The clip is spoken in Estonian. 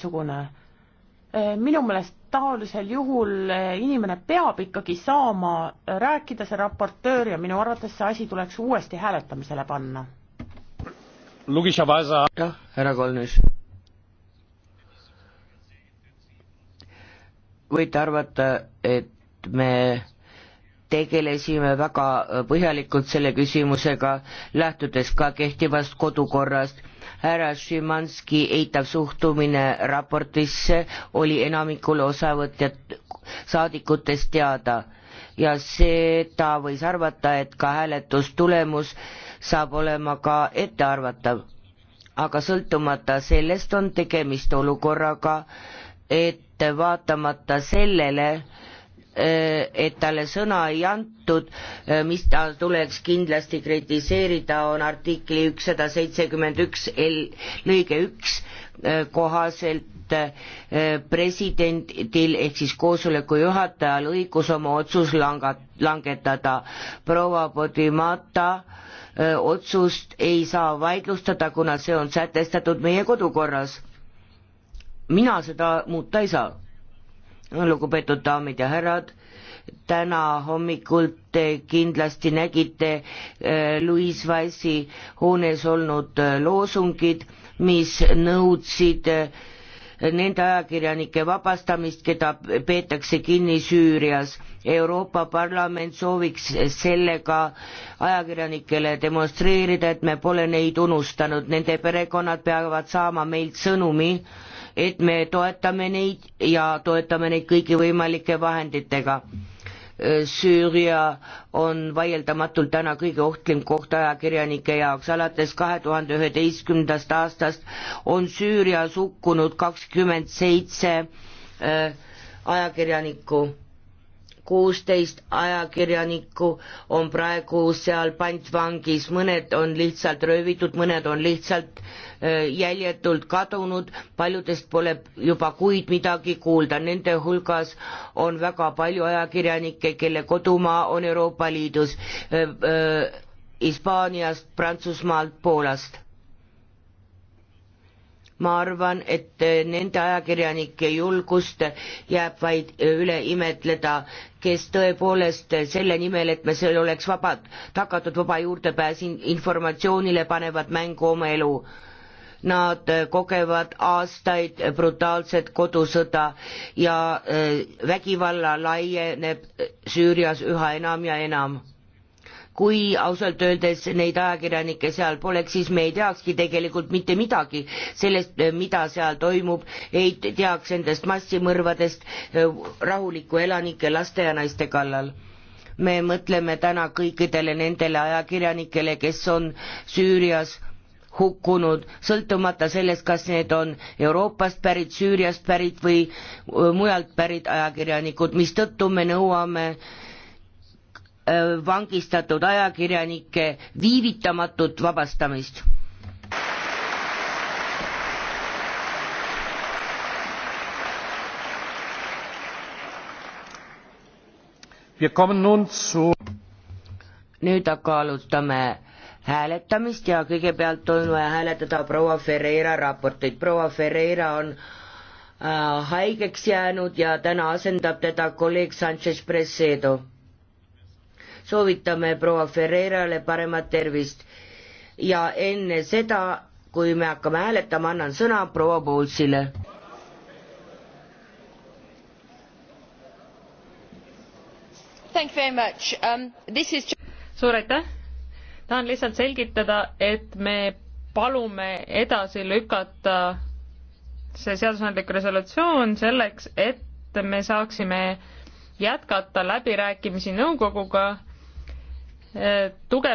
teistsugune. Äh, minu meelest taolisel juhul äh, inimene peab ikkagi saama rääkida, see raportöör, ja minu arvates see asi tuleks uuesti hääletamisele panna. jah, härra Kolnis. võite arvata, et me tegelesime väga äh, põhjalikult selle küsimusega, lähtudes ka kehtivast kodukorrast. härra Šimanski eitav suhtumine raportisse oli enamikule osavõtjat, saadikutest teada ja seda võis arvata, et ka hääletustulemus saab olema ka ettearvatav. aga sõltumata sellest on tegemist olukorraga, et vaatamata sellele, Äh, et talle sõna ei antud, äh, mis ta tuleks kindlasti kritiseerida, on artikli ükssada seitsekümmend üks L lõige üks äh, kohaselt presidendil ehk siis koosoleku juhatajal õigus oma otsus langa-, langetada. proua Podimata otsust ei saa vaidlustada, kuna see on sätestatud meie kodukorras. mina seda muuta ei saa lugupeetud daamid ja härrad, täna hommikul te kindlasti nägite eh, Louis Wise'i hoones olnud eh, loosungid, mis nõudsid eh, nende ajakirjanike vabastamist, keda peetakse kinni Süürias. Euroopa Parlament sooviks sellega ajakirjanikele demonstreerida, et me pole neid unustanud, nende perekonnad peavad saama meilt sõnumi, et me toetame neid ja toetame neid kõigi võimalike vahenditega. Süüria on vaieldamatult täna kõige ohtlim koht ajakirjanike jaoks, alates kahe tuhande üheteistkümnendast aastast on Süürias hukkunud kakskümmend seitse äh, ajakirjanikku kuusteist ajakirjanikku on praegu seal pantvangis, mõned on lihtsalt röövitud, mõned on lihtsalt äh, jäljetult kadunud, paljudest pole juba kuid midagi kuulda, nende hulgas on väga palju ajakirjanikke, kelle kodumaa on Euroopa Liidus, äh, äh, Hispaaniast, Prantsusmaalt, Poolast ma arvan, et äh, nende ajakirjanike julgust jääb vaid äh, üle imetleda, kes tõepoolest äh, selle nimel, et me seal oleks vabad, tagatud vaba juurdepääs informatsioonile, panevad mängu oma elu. Nad kogevad aastaid brutaalset kodusõda ja vägivalla laieneb Süürias üha enam ja enam kui ausalt öeldes neid ajakirjanikke seal poleks, siis me ei teakski tegelikult mitte midagi sellest, mida seal toimub, ei teaks nendest massimõrvadest eh, rahuliku elanike, laste ja naiste kallal me mõtleme täna kõikidele nendele ajakirjanikele, kes on Süürias hukkunud, sõltumata sellest, kas need on Euroopast pärit, Süüriast pärit või eh, mujalt pärit ajakirjanikud, mistõttu me nõuame äh, Äh, vangistatud ajakirjanike viivitamatut vabastamist. nüüd aga alustame hääletamist ja kõigepealt on vaja hääletada proua Ferreira raporteid. proua Ferreira on äh, haigeks jäänud ja täna asendab teda kolleeg Sanchez Presedo soovitame proua Ferreirale paremat tervist. ja enne seda, kui me hakkame hääletama, annan sõna proua Poolsile. Um, is... suur aitäh! tahan lihtsalt selgitada, et me palume edasi lükata see seadusandlik resolutsioon selleks, et me saaksime jätkata läbirääkimisi nõukoguga Eh, tugev